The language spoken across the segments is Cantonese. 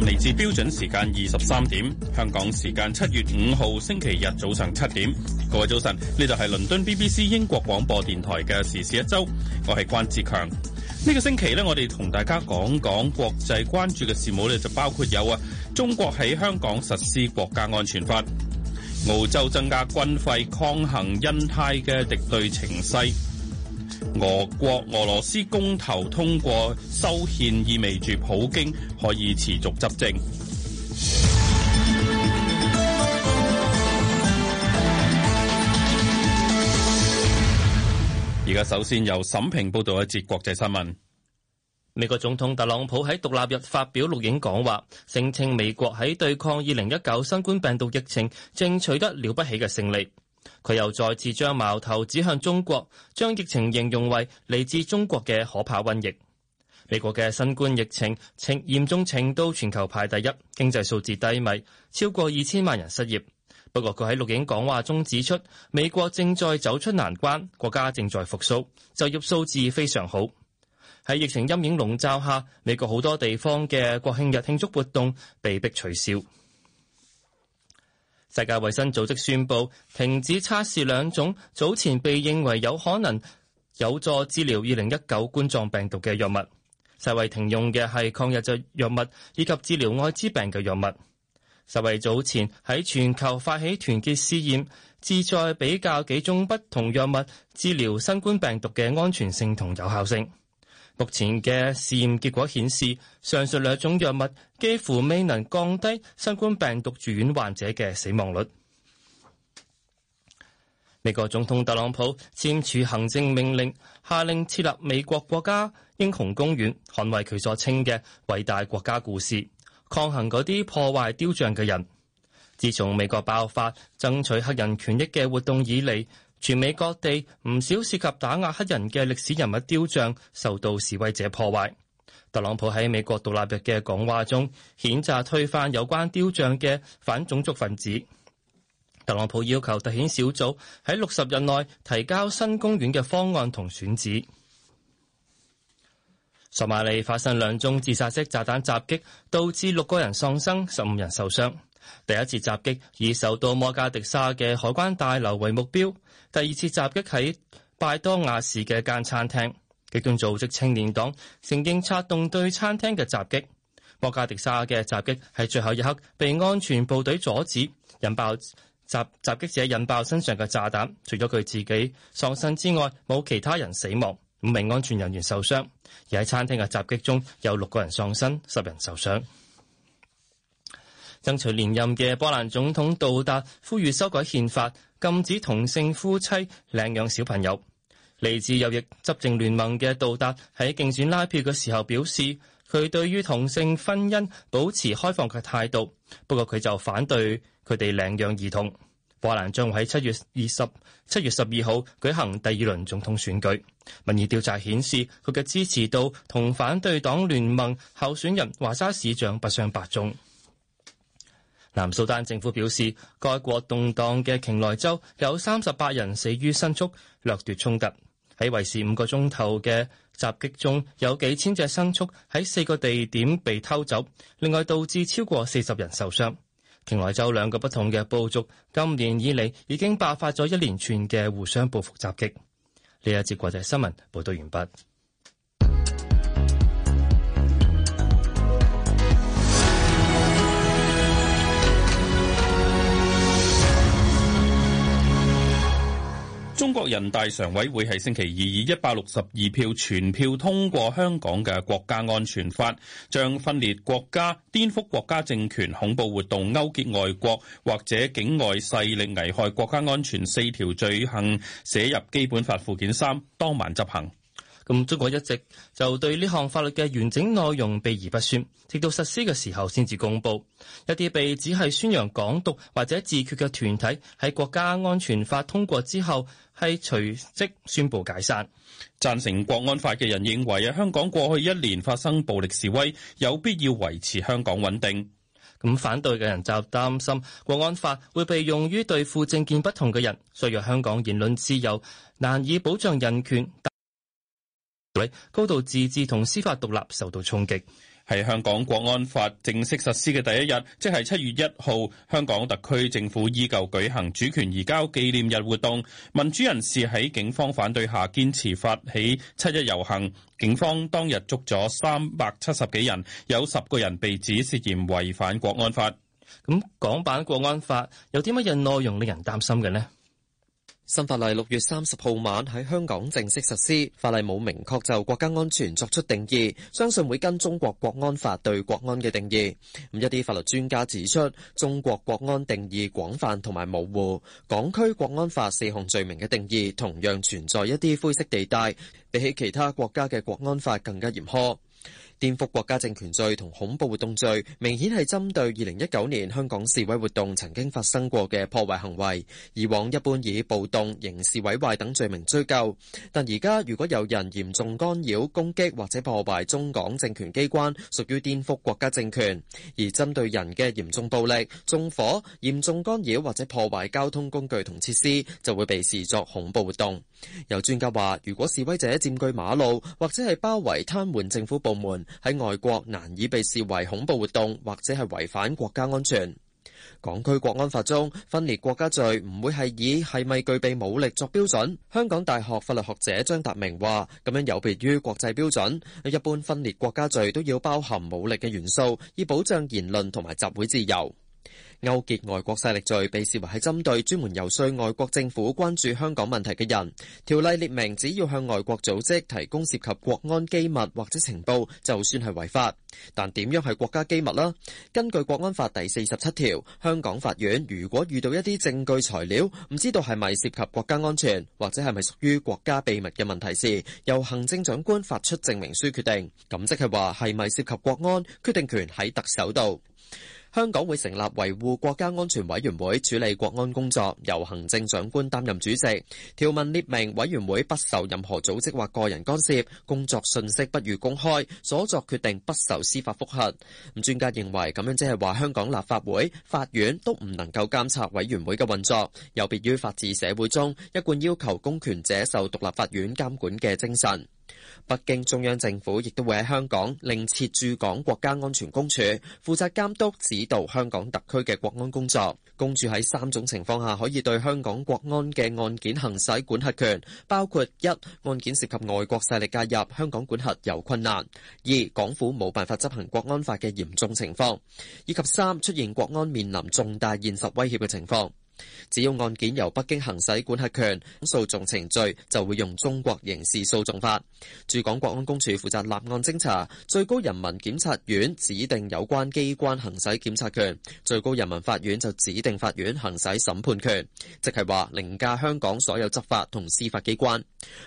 嚟自標準時間二十三點，香港時間七月五號星期日早上七點。各位早晨，呢度係倫敦 BBC 英國廣播電台嘅《時事一周》，我係關志強。呢個星期咧，我哋同大家講講國際關注嘅事務咧，就包括有啊，中國喺香港實施國家安全法，澳洲增加軍費抗衡印太嘅敵對情勢。俄國俄羅斯公投通過修憲，意味住普京可以持續執政。而家首先由沈平報道一節國際新聞。美國總統特朗普喺獨立日發表錄影講話，聲稱美國喺對抗二零一九新冠病毒疫情，正取得了不起嘅勝利。佢又再次將矛頭指向中國，將疫情形容為嚟自中國嘅可怕瘟疫。美國嘅新冠疫情呈嚴重程度全球排第一，經濟數字低迷，超過二千萬人失業。不過佢喺錄影講話中指出，美國正在走出難關，國家正在復蘇，就業數字非常好。喺疫情陰影籠罩下，美國好多地方嘅國慶日慶祝活動被迫取消。世界衛生組織宣布停止測試兩種早前被認為有可能有助治療二零一九冠狀病毒嘅藥物。世衛停用嘅係抗日藥藥物以及治療艾滋病嘅藥物。世衛早前喺全球發起團結試驗，志在比較幾種不同藥物治療新冠病毒嘅安全性同有效性。目前嘅試驗結果顯示，上述兩種藥物幾乎未能降低新冠病毒住院患者嘅死亡率。美國總統特朗普簽署行政命令，下令設立美國國家英雄公園，捍衛佢所稱嘅偉大國家故事，抗衡嗰啲破壞雕像嘅人。自從美國爆發爭取黑人權益嘅活動以嚟，全美各地唔少涉及打壓黑人嘅歷史人物雕像受到示威者破壞。特朗普喺美國獨立日嘅講話中譴責推翻有關雕像嘅反種族分子。特朗普要求特遣小組喺六十日內提交新公園嘅方案同選址。索馬里發生兩宗自殺式炸彈襲擊，導致六個人喪生，十五人受傷。第一次襲擊以受到摩加迪沙嘅海關大樓為目標。第二次襲擊喺拜多亞市嘅一間餐廳，極端組織青年黨承認策動對餐廳嘅襲擊。莫加迪沙嘅襲擊喺最後一刻被安全部隊阻止，引爆襲襲擊者引爆身上嘅炸彈。除咗佢自己喪生之外，冇其他人死亡，五名安全人員受傷。而喺餐廳嘅襲擊中有六個人喪生，十人受傷。爭取連任嘅波蘭總統杜達呼籲修改憲法，禁止同性夫妻領養小朋友。嚟自右翼執政聯盟嘅杜達喺競選拉票嘅時候表示，佢對於同性婚姻保持開放嘅態度，不過佢就反對佢哋領養兒童。波蘭將會喺七月二十七月十二號舉行第二輪總統選舉。民意調查顯示，佢嘅支持度同反對黨聯盟候選人華沙市長不相伯仲。南蘇丹政府表示，該國動盪嘅瓊萊州有三十八人死於牲畜掠奪衝突。喺維持五個鐘頭嘅襲擊中，有幾千隻牲畜喺四個地點被偷走，另外導致超過四十人受傷。瓊萊州兩個不同嘅部族今年以嚟已經爆發咗一連串嘅互相報復襲擊。呢一節國際新聞報道完畢。中國人大常委會喺星期二以一百六十二票全票通過香港嘅國家安全法，將分裂國家、顛覆國家政權、恐怖活動、勾結外國或者境外勢力危害國家安全四條罪行寫入基本法附件三，當晚執行。咁中國一直就對呢項法律嘅完整內容避而不宣，直到實施嘅時候先至公布。一啲被指係宣揚港獨或者自決嘅團體喺國家安全法通過之後，係隨即宣布解散。贊成國安法嘅人認為啊，香港過去一年發生暴力示威，有必要維持香港穩定。咁反對嘅人就擔心國安法會被用於對付政見不同嘅人，削弱香港言論自由，難以保障人權。高度自治同司法獨立受到衝擊，係香港國安法正式實施嘅第一日，即係七月一號，香港特區政府依舊舉行主權移交紀念日活動。民主人士喺警方反對下堅持發起七一遊行，警方當日捉咗三百七十幾人，有十個人被指涉嫌違反國安法。咁、嗯、港版國安法有啲乜嘢內容令人擔心嘅呢？新法例六月三十號晚喺香港正式實施。法例冇明確就國家安全作出定義，相信會跟中國國安法對國安嘅定義。咁一啲法律專家指出，中國國安定義廣泛同埋模糊，港區國安法四項罪名嘅定義同樣存在一啲灰色地帶，比起其他國家嘅國安法更加嚴苛。顛覆國家政權罪同恐怖活動罪，明顯係針對二零一九年香港示威活動曾經發生過嘅破壞行為，以往一般以暴動、刑事毀壞等罪名追究。但而家如果有人嚴重干擾、攻擊或者破壞中港政權機關，屬於顛覆國家政權；而針對人嘅嚴重暴力、縱火、嚴重干擾或者破壞交通工具同設施，就會被視作恐怖活動。有專家話，如果示威者佔據馬路或者係包圍癱瘓政府部門，喺外國難以被視為恐怖活動或者係違反國家安全。港區國安法中，分裂國家罪唔會係以係咪具備武力作標準。香港大學法律學者張達明話，咁樣有別於國際標準，一般分裂國家罪都要包含武力嘅元素，以保障言論同埋集會自由。勾結外國勢力罪被視為係針對專門遊說外國政府關注香港問題嘅人。條例列明，只要向外國組織提供涉及國安機密或者情報，就算係違法。但點樣係國家機密呢？根據國安法第四十七條，香港法院如果遇到一啲證據材料唔知道係咪涉及國家安全或者係咪屬於國家秘密嘅問題時，由行政長官發出證明書決定。咁即係話，係咪涉及國安，決定權喺特首度。香港會成立維護國家安全委員會，處理國安工作，由行政長官擔任主席。條文列明委員會不受任何組織或個人干涉，工作信息不予公開，所作決定不受司法複核。咁專家認為咁樣即係話香港立法會、法院都唔能夠監察委員會嘅運作，有別於法治社會中一貫要求公權者受獨立法院監管嘅精神。北京中央政府亦都會喺香港另設駐港國家安全公署，負責監督、指導香港特區嘅國安工作。公署喺三種情況下可以對香港國安嘅案件行使管轄權，包括：一、案件涉及外國勢力介入，香港管轄有困難；二、港府冇辦法執行國安法嘅嚴重情況，以及三、出現國安面臨重大現實威脅嘅情況。只要案件由北京行使管轄權，訴訟程序就會用中國刑事訴訟法。駐港國安公署負責立案偵查，最高人民檢察院指定有關機關行使檢察權，最高人民法院就指定法院行使審判權。即係話凌駕香港所有執法同司法機關。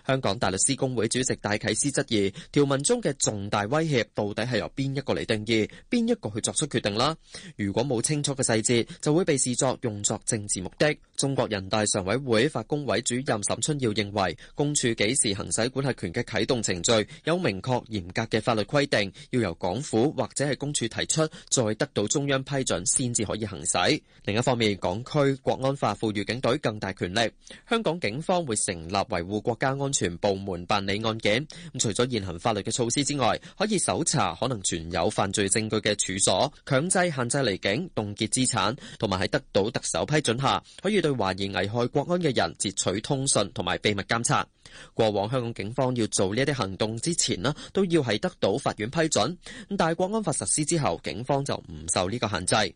香港大律師公會主席戴啟思質疑，條文中嘅重大威脅到底係由邊一個嚟定義，邊一個去作出決定啦？如果冇清楚嘅細節，就會被視作用作政治。目的，中國人大常委會法工委主任沈春耀認為，公署幾時行使管轄權嘅啟動程序有明確嚴格嘅法律規定，要由港府或者係公署提出，再得到中央批准先至可以行使。另一方面，港區國安法賦予警隊更大權力，香港警方會成立維護國家安全部門辦理案件。咁除咗現行法律嘅措施之外，可以搜查可能存有犯罪證據嘅處所，強制限制離境、凍結資產，同埋喺得到特首批准下。可以對懷疑危害國安嘅人截取通訊同埋秘密監察。過往香港警方要做呢一啲行動之前呢，都要係得到法院批准。咁但係國安法實施之後，警方就唔受呢個限制。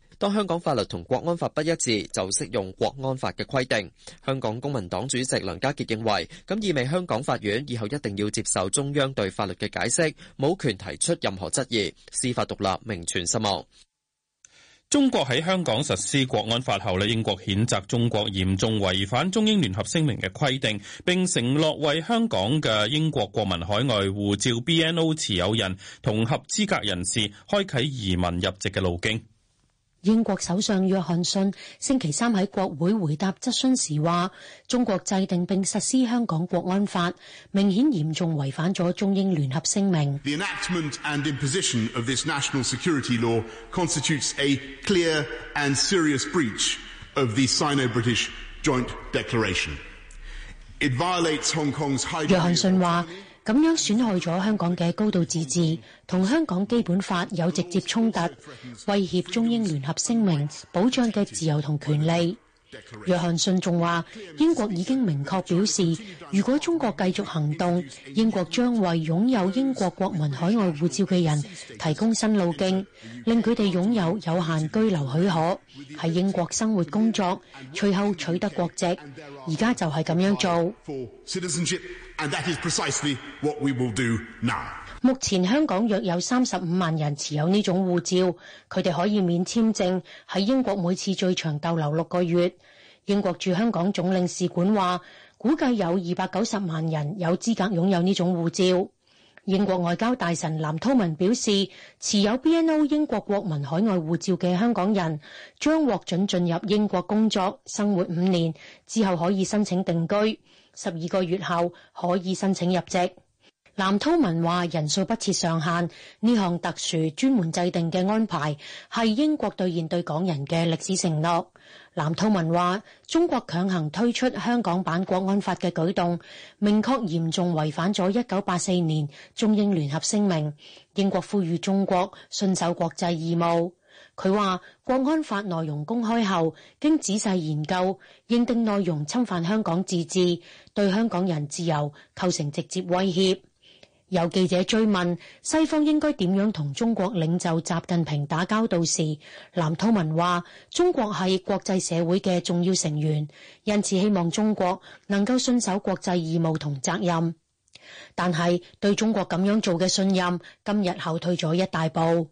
當香港法律同國安法不一致，就適用國安法嘅規定。香港公民黨主席梁家傑認為，咁意味香港法院以後一定要接受中央對法律嘅解釋，冇權提出任何質疑，司法獨立，名存實亡。中國喺香港實施國安法後呢，英國譴責中國嚴重違反中英聯合聲明嘅規定，並承諾為香港嘅英國國民海外護照 BNO 持有人同合資格人士開啟移民入籍嘅路徑。英國首相約翰遜星期三喺國會回答質詢時話，中國制定並實施香港國安法，明顯嚴重違反咗中英聯合聲明。約翰遜話。咁樣損害咗香港嘅高度自治，同香港基本法有直接衝突，威脅中英聯合聲明保障嘅自由同權利。約翰遜仲話：英國已經明確表示，如果中國繼續行動，英國將為擁有英國國民海外護照嘅人提供新路徑，令佢哋擁有有限居留許可，喺英國生活工作，隨後取得國籍。而家就係咁樣做。And that is precisely what we will do now. 目前香港約有三十五萬人持有呢種護照，佢哋可以免簽證喺英國每次最長逗留六個月。英國駐香港總領事館話，估計有二百九十萬人有資格擁有呢種護照。英國外交大臣藍韜文表示，持有 BNO 英國國民海外護照嘅香港人將獲准進入英國工作、生活五年，之後可以申請定居。十二個月後可以申請入籍。藍韜文話人數不設上限，呢項特殊專門制定嘅安排係英國兌現對港人嘅歷史承諾。藍韜文話中國強行推出香港版國安法嘅舉動，明確嚴重違反咗一九八四年中英聯合聲明，英國呼籲中國信守國際義務。佢話：國安法內容公開後，經仔細研究，認定內容侵犯香港自治，對香港人自由構成直接威脅。有記者追問西方應該點樣同中國領袖習近平打交道時，藍韜文話：中國係國際社會嘅重要成員，因此希望中國能夠信守國際義務同責任。但係對中國咁樣做嘅信任，今日後退咗一大步。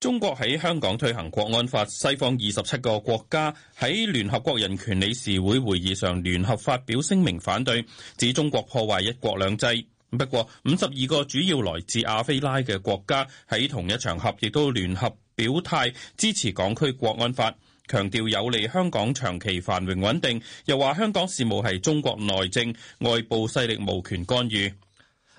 中國喺香港推行國安法，西方二十七個國家喺聯合國人權理事會會議上聯合發表聲明反對，指中國破壞一國兩制。不過，五十二個主要來自亞非拉嘅國家喺同一場合亦都聯合表態支持港區國安法，強調有利香港長期繁榮穩定，又話香港事務係中國內政，外部勢力無權干預。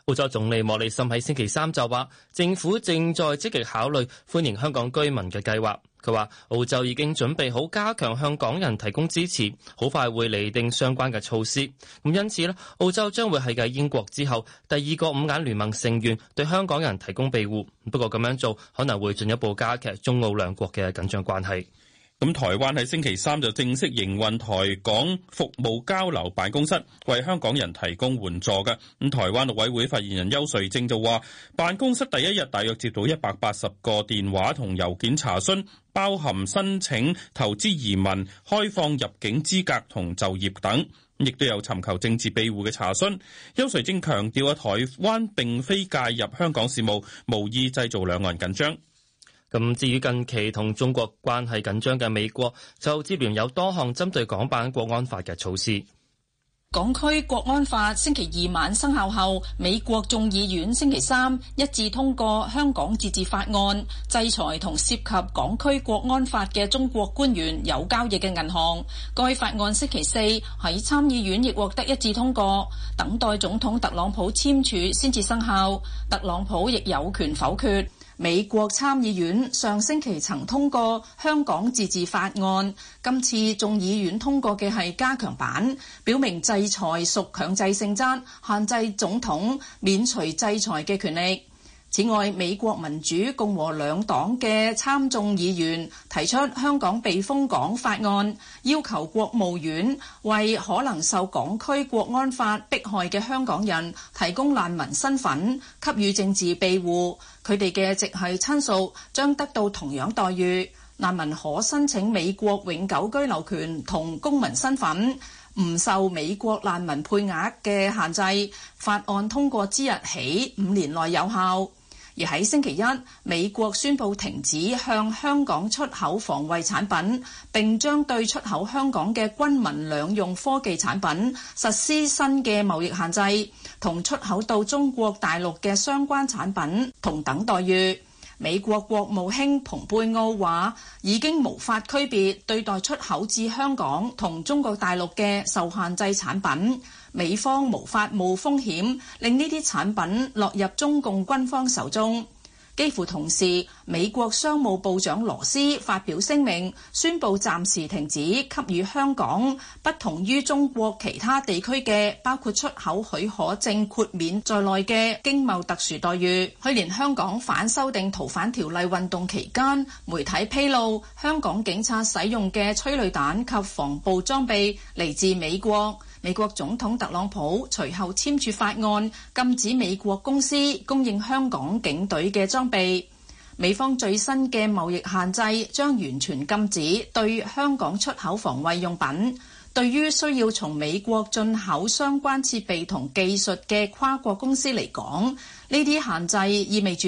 澳洲總理莫里森喺星期三就話，政府正在積極考慮歡迎香港居民嘅計劃。佢話澳洲已經準備好加強向港人提供支持，好快會擬定相關嘅措施。咁因此呢，澳洲將會係繼英國之後第二個五眼聯盟成員，對香港人提供庇護。不過咁樣做可能會進一步加劇中澳兩國嘅緊張關係。咁台灣喺星期三就正式營運台港服務交流辦公室，為香港人提供援助嘅。咁台灣陸委會發言人邱瑞正就話，辦公室第一日大約接到一百八十個電話同郵件查詢，包含申請投資移民、開放入境資格同就業等，亦都有尋求政治庇護嘅查詢。邱瑞正強調啊，台灣並非介入香港事務，無意製造兩岸緊張。咁至於近期同中國關係緊張嘅美國，就接連有多項針對港版國安法嘅措施。港區國安法星期二晚生效後，美國眾議院星期三一致通過香港自治法案，制裁同涉及港區國安法嘅中國官員有交易嘅銀行。該法案星期四喺參議院亦獲得一致通過，等待總統特朗普簽署先至生效。特朗普亦有權否決。美國參議院上星期曾通過《香港自治法案》，今次眾議院通過嘅係加強版，表明制裁屬強制性質，限制總統免除制裁嘅權力。此外，美國民主共和兩黨嘅參眾議員提出香港避風港法案，要求國務院為可能受港區國安法迫害嘅香港人提供難民身份，給予政治庇護。佢哋嘅直系親屬將得到同樣待遇。難民可申請美國永久居留權同公民身份，唔受美國難民配額嘅限制。法案通過之日起五年內有效。而喺星期一，美國宣布停止向香港出口防衛產品，並將對出口香港嘅軍民兩用科技產品實施新嘅貿易限制，同出口到中國大陸嘅相關產品同等待遇。美國國務卿蓬佩奧話：已經無法區別對待出口至香港同中國大陸嘅受限製產品，美方無法冒風險令呢啲產品落入中共軍方手中。幾乎同時，美國商務部長羅斯發表聲明，宣布暫時停止給予香港不同於中國其他地區嘅包括出口許可證豁免在內嘅經貿特殊待遇。去年香港反修訂逃犯條例運動期間，媒體披露香港警察使用嘅催淚彈及防暴裝備嚟自美國。美國總統特朗普隨後簽署法案，禁止美國公司供應香港警隊嘅裝備。美方最新嘅貿易限制將完全禁止對香港出口防衛用品。對於需要從美國進口相關設備同技術嘅跨國公司嚟講，呢啲限制意味住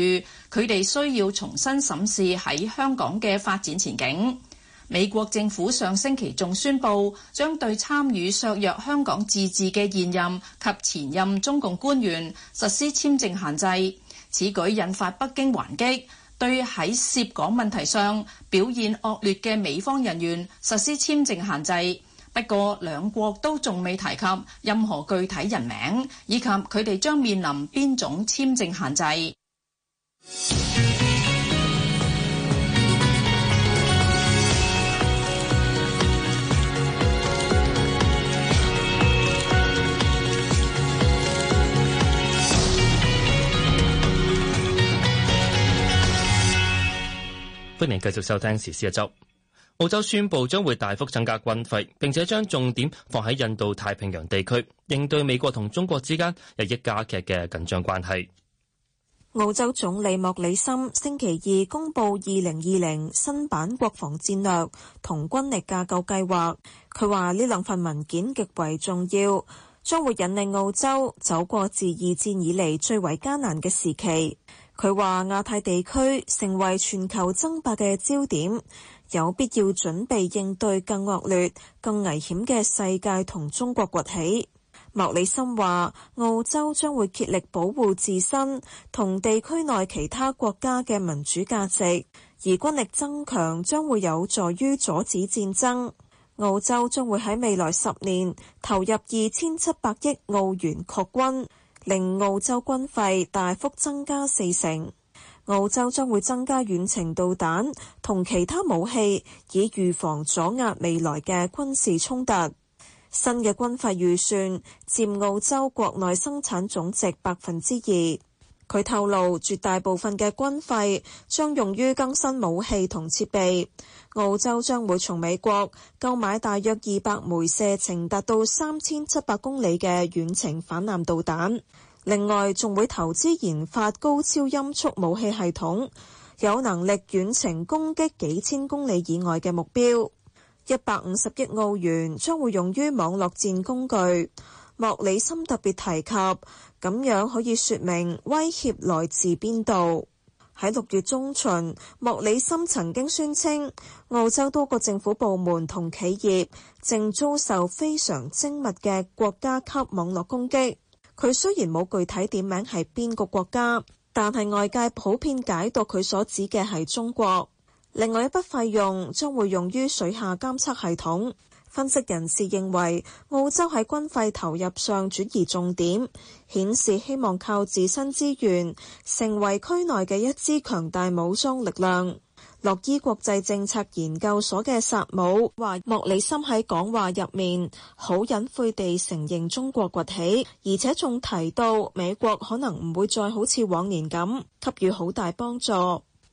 佢哋需要重新審視喺香港嘅發展前景。美國政府上星期仲宣佈，將對參與削弱香港自治嘅現任及前任中共官員實施簽證限制。此舉引發北京還擊，對喺涉港問題上表現惡劣嘅美方人員實施簽證限制。不過，兩國都仲未提及任何具體人名，以及佢哋將面臨邊種簽證限制。歡迎繼續收聽時事一周。澳洲宣布將會大幅增加軍費，並且將重點放喺印度太平洋地區，應對美國同中國之間日益加劇嘅緊張關係。澳洲總理莫里森星期二公布二零二零新版國防戰略同軍力架構計劃。佢話呢兩份文件極為重要，將會引領澳洲走過自二戰以嚟最為艱難嘅時期。佢話亞太地區成為全球爭霸嘅焦點，有必要準備應對更惡劣、更危險嘅世界同中國崛起。莫里森話，澳洲將會竭力保護自身同地區內其他國家嘅民主價值，而軍力增強將會有助於阻止戰爭。澳洲將會喺未來十年投入二千七百億澳元擴軍。令澳洲軍費大幅增加四成，澳洲將會增加遠程導彈同其他武器，以預防阻壓未來嘅軍事衝突。新嘅軍費預算佔澳洲國內生產總值百分之二。佢透露，絕大部分嘅軍費將用於更新武器同設備。澳洲將會從美國購買大約二百枚射程達到三千七百公里嘅遠程反艦導彈，另外仲會投資研發高超音速武器系統，有能力遠程攻擊幾千公里以外嘅目標。一百五十億澳元將會用於網絡戰工具。莫里森特別提及，咁樣可以說明威脅來自邊度。喺六月中旬，莫里森曾經宣稱，澳洲多個政府部門同企業正遭受非常精密嘅國家級網絡攻擊。佢雖然冇具體點名係邊個國家，但係外界普遍解讀佢所指嘅係中國。另外一筆費用將會用於水下監測系統。分析人士認為澳洲喺軍費投入上轉移重點，顯示希望靠自身資源成為區內嘅一支強大武裝力量。洛伊國際政策研究所嘅薩姆話，莫里森喺講話入面好隱晦地承認中國崛起，而且仲提到美國可能唔會再好似往年咁給予好大幫助。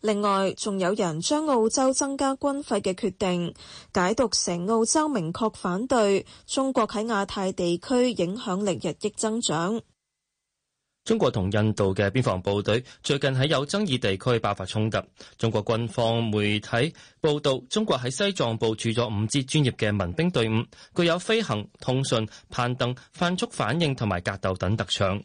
另外，仲有人將澳洲增加軍費嘅決定解讀成澳洲明確反對中國喺亞太地區影響力日益增長。中國同印度嘅邊防部隊最近喺有爭議地區爆發衝突。中國軍方媒體報導，中國喺西藏部署咗五支專業嘅民兵隊伍，具有飛行、通訊、攀登、快速反應同埋格鬥等特長。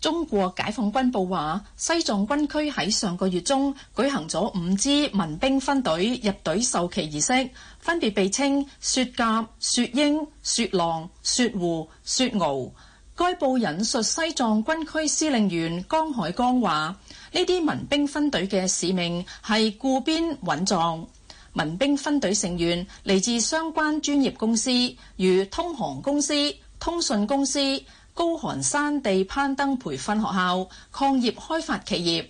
中國解放軍報話，西藏軍區喺上個月中舉行咗五支民兵分隊入隊授旗儀式，分別被稱雪甲、雪鷹、雪鷹、雪狼、雪狐、雪獒。該報引述西藏軍區司令員江海江話：呢啲民兵分隊嘅使命係固邊穩藏。民兵分隊成員嚟自相關專業公司，如通航公司、通訊公司。高寒山地攀登培訓學校、礦業開發企業。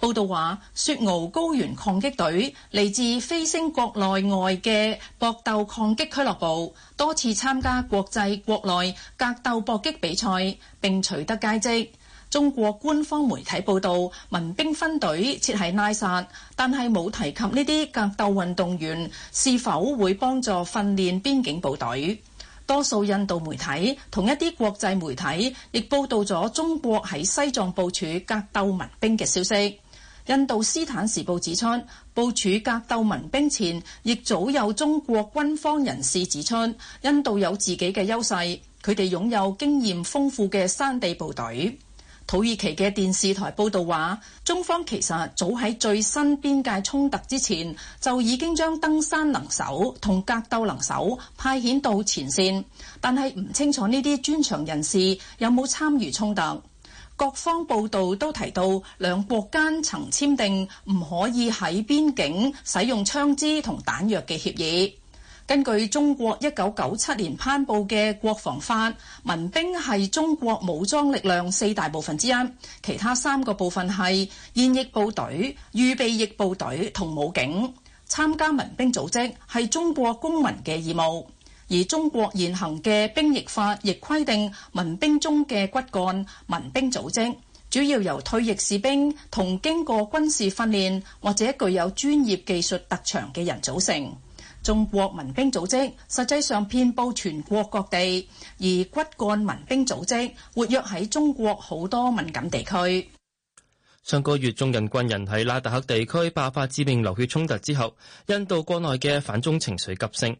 報道話，雪獒高原抗擊隊嚟自飛星國內外嘅搏鬥抗擊俱樂部，多次參加國際、國內格鬥搏擊比賽，並取得佳績。中國官方媒體報道，民兵分隊設喺拉薩，但係冇提及呢啲格鬥運動員是否會幫助訓練邊境部隊。多數印度媒體同一啲國際媒體亦報道咗中國喺西藏部署格鬥民兵嘅消息。印度斯坦時報指出，部署格鬥民兵前，亦早有中國軍方人士指出，印度有自己嘅優勢，佢哋擁有經驗豐富嘅山地部隊。土耳其嘅電視台報道話，中方其實早喺最新邊界衝突之前，就已經將登山能手同格鬥能手派遣到前線，但係唔清楚呢啲專長人士有冇參與衝突。各方報道都提到，兩國間曾簽訂唔可以喺邊境使用槍支同彈藥嘅協議。根據中國一九九七年頒布嘅國防法，民兵係中國武裝力量四大部分之一，其他三個部分係現役部隊、預備役部隊同武警。參加民兵組織係中國公民嘅義務。而中國現行嘅兵役法亦規定，民兵中嘅骨幹民兵組織主要由退役士兵同經過軍事訓練或者具有專業技術特長嘅人組成。中國民兵組織實際上遍佈全國各地，而骨幹民兵組織活躍喺中國好多敏感地區。上個月，中印軍人喺拉達克地區爆發致命流血衝突之後，印度國內嘅反中情緒急升。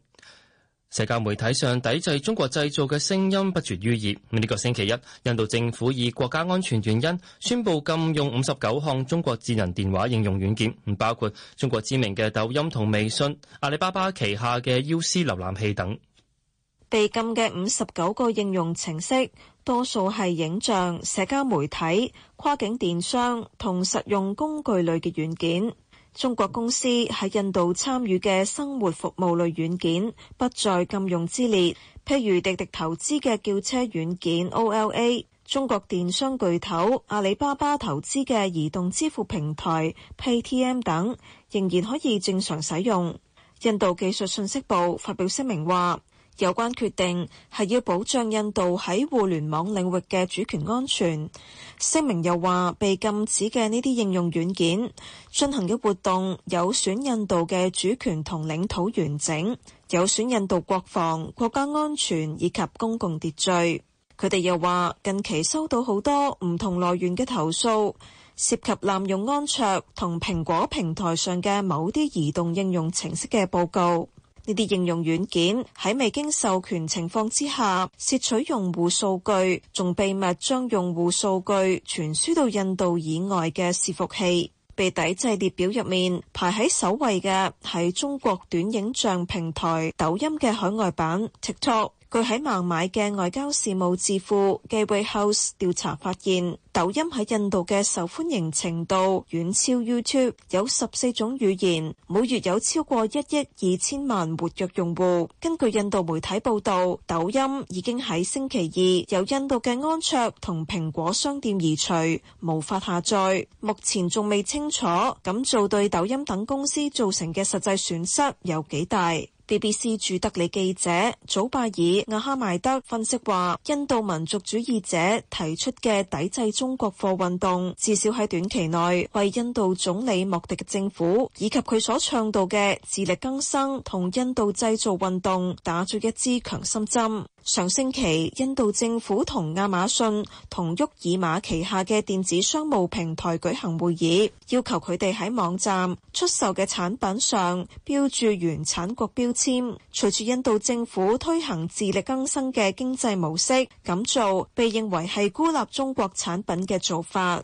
社交媒體上抵制中國製造嘅聲音不絕於耳。呢個星期一，印度政府以國家安全原因宣布禁用五十九項中國智能電話應用軟件，唔包括中國知名嘅抖音同微信、阿里巴巴旗下嘅 U C 瀏覽器等。被禁嘅五十九個應用程式，多數係影像、社交媒體、跨境電商同實用工具類嘅軟件。中國公司喺印度參與嘅生活服務類軟件不在禁用之列，譬如滴滴投資嘅叫車軟件 Ola、中國電商巨頭阿里巴巴投資嘅移動支付平台 Paytm 等，仍然可以正常使用。印度技術信息部發表聲明話，有關決定係要保障印度喺互聯網領域嘅主權安全。聲明又話，被禁止嘅呢啲應用軟件進行嘅活動有損印度嘅主權同領土完整，有損印度國防、國家安全以及公共秩序。佢哋又話，近期收到好多唔同來源嘅投訴，涉及濫用安卓同蘋果平台上嘅某啲移動應用程式嘅報告。呢啲應用軟件喺未經授權情況之下，竊取用戶數據，仲秘密將用戶數據傳輸到印度以外嘅伺服器。被抵制列表入面排喺首位嘅係中國短影像平台抖音嘅海外版 TikTok。據喺孟買嘅外交事務智庫嘅 Gateway House 調查發現，抖音喺印度嘅受歡迎程度遠超 YouTube，有十四種語言，每月有超過一億二千萬活躍用戶。根據印度媒體報導，抖音已經喺星期二由印度嘅安卓同蘋果商店移除，無法下載。目前仲未清楚咁做對抖音等公司造成嘅實際損失有幾大。BBC 駐德里記者祖拜爾·阿哈邁德分析話，印度民族主義者提出嘅抵制中國貨運動，至少喺短期內為印度總理莫迪嘅政府以及佢所倡導嘅自力更生同印度製造運動打咗一支強心針。上星期，印度政府同亞馬遜同沃爾瑪旗下嘅電子商務平台舉行會議，要求佢哋喺網站出售嘅產品上標注原產國標。隨住印度政府推行自力更生嘅經濟模式，咁做被認為係孤立中國產品嘅做法。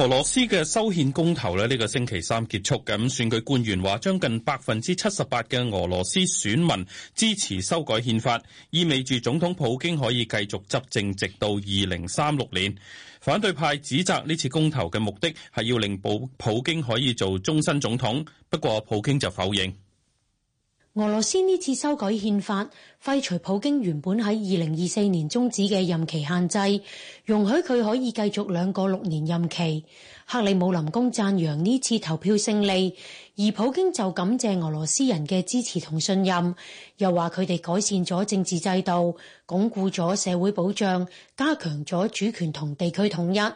俄羅斯嘅修憲公投咧，呢、這個星期三結束嘅。咁選舉官員話，將近百分之七十八嘅俄羅斯選民支持修改憲法，意味住總統普京可以繼續執政，直到二零三六年。反對派指責呢次公投嘅目的係要令普普京可以做終身總統，不過普京就否認。俄羅斯呢次修改憲法，廢除普京原本喺二零二四年終止嘅任期限制，容許佢可以繼續兩個六年任期。克里姆林宮讚揚呢次投票勝利，而普京就感謝俄羅斯人嘅支持同信任，又話佢哋改善咗政治制度，鞏固咗社會保障，加強咗主權同地區統一。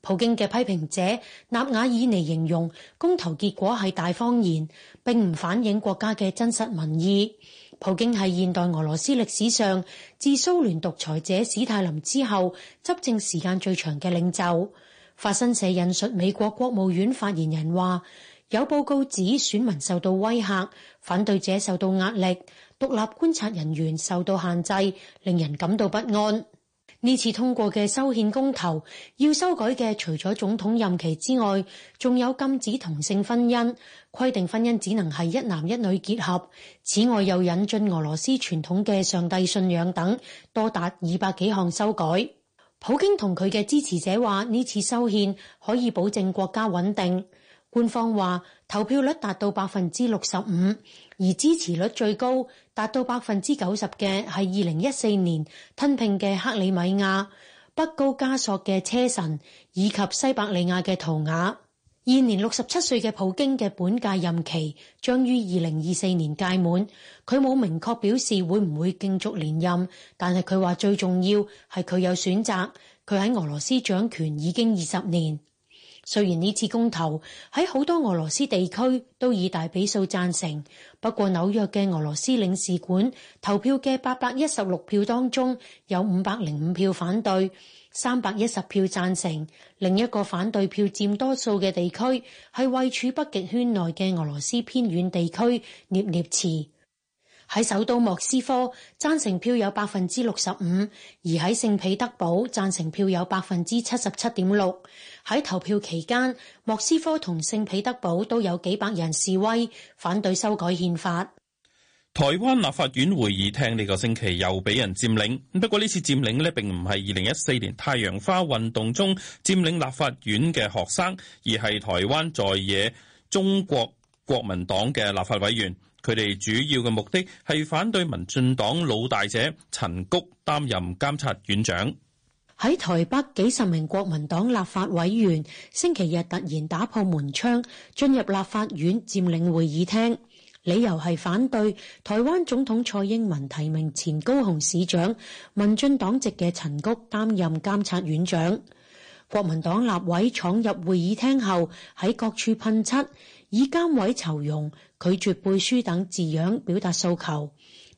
普京嘅批評者納瓦爾尼形容公投結果係大謊言，並唔反映國家嘅真實民意。普京係現代俄羅斯歷史上自蘇聯獨裁者史太林之後執政時間最長嘅領袖。法新社引述美國國務院發言人話：有報告指選民受到威嚇，反對者受到壓力，獨立觀察人員受到限制，令人感到不安。呢次通過嘅修憲公投，要修改嘅除咗總統任期之外，仲有禁止同性婚姻，規定婚姻只能係一男一女結合。此外又引進俄羅斯傳統嘅上帝信仰等，多達二百幾項修改，普京同佢嘅支持者話，呢次修憲可以保證國家穩定。官方話投票率達到百分之六十五，而支持率最高，達到百分之九十嘅係二零一四年吞併嘅克里米亞、北高加索嘅車臣，以及西伯利亞嘅圖瓦。現年六十七歲嘅普京嘅本屆任期將於二零二四年屆滿，佢冇明確表示會唔會競逐連任，但係佢話最重要係佢有選擇，佢喺俄羅斯掌權已經二十年。雖然呢次公投喺好多俄羅斯地區都以大比數贊成，不過紐約嘅俄羅斯領事館投票嘅八百一十六票當中有五百零五票反對，三百一十票贊成。另一個反對票佔多數嘅地區係位處北極圈內嘅俄羅斯偏遠地區涅涅茨。喺首都莫斯科贊成票有百分之六十五，而喺聖彼得堡贊成票有百分之七十七點六。喺投票期間，莫斯科同聖彼得堡都有幾百人示威反對修改憲法。台灣立法院會議廳呢個星期又俾人佔領，不過呢次佔領呢並唔係二零一四年太陽花運動中佔領立法院嘅學生，而係台灣在野中國國民黨嘅立法委員。佢哋主要嘅目的係反對民進黨老大姐陳菊擔任監察院長。喺台北，幾十名國民黨立法委員星期日突然打破門窗，進入立法院佔領會議廳，理由係反對台灣總統蔡英文提名前高雄市長民進黨籍嘅陳菊擔任監察院長。國民黨立委闖入會議廳後，喺各處噴漆，以監委酬庸、拒絕背書等字樣表達訴求。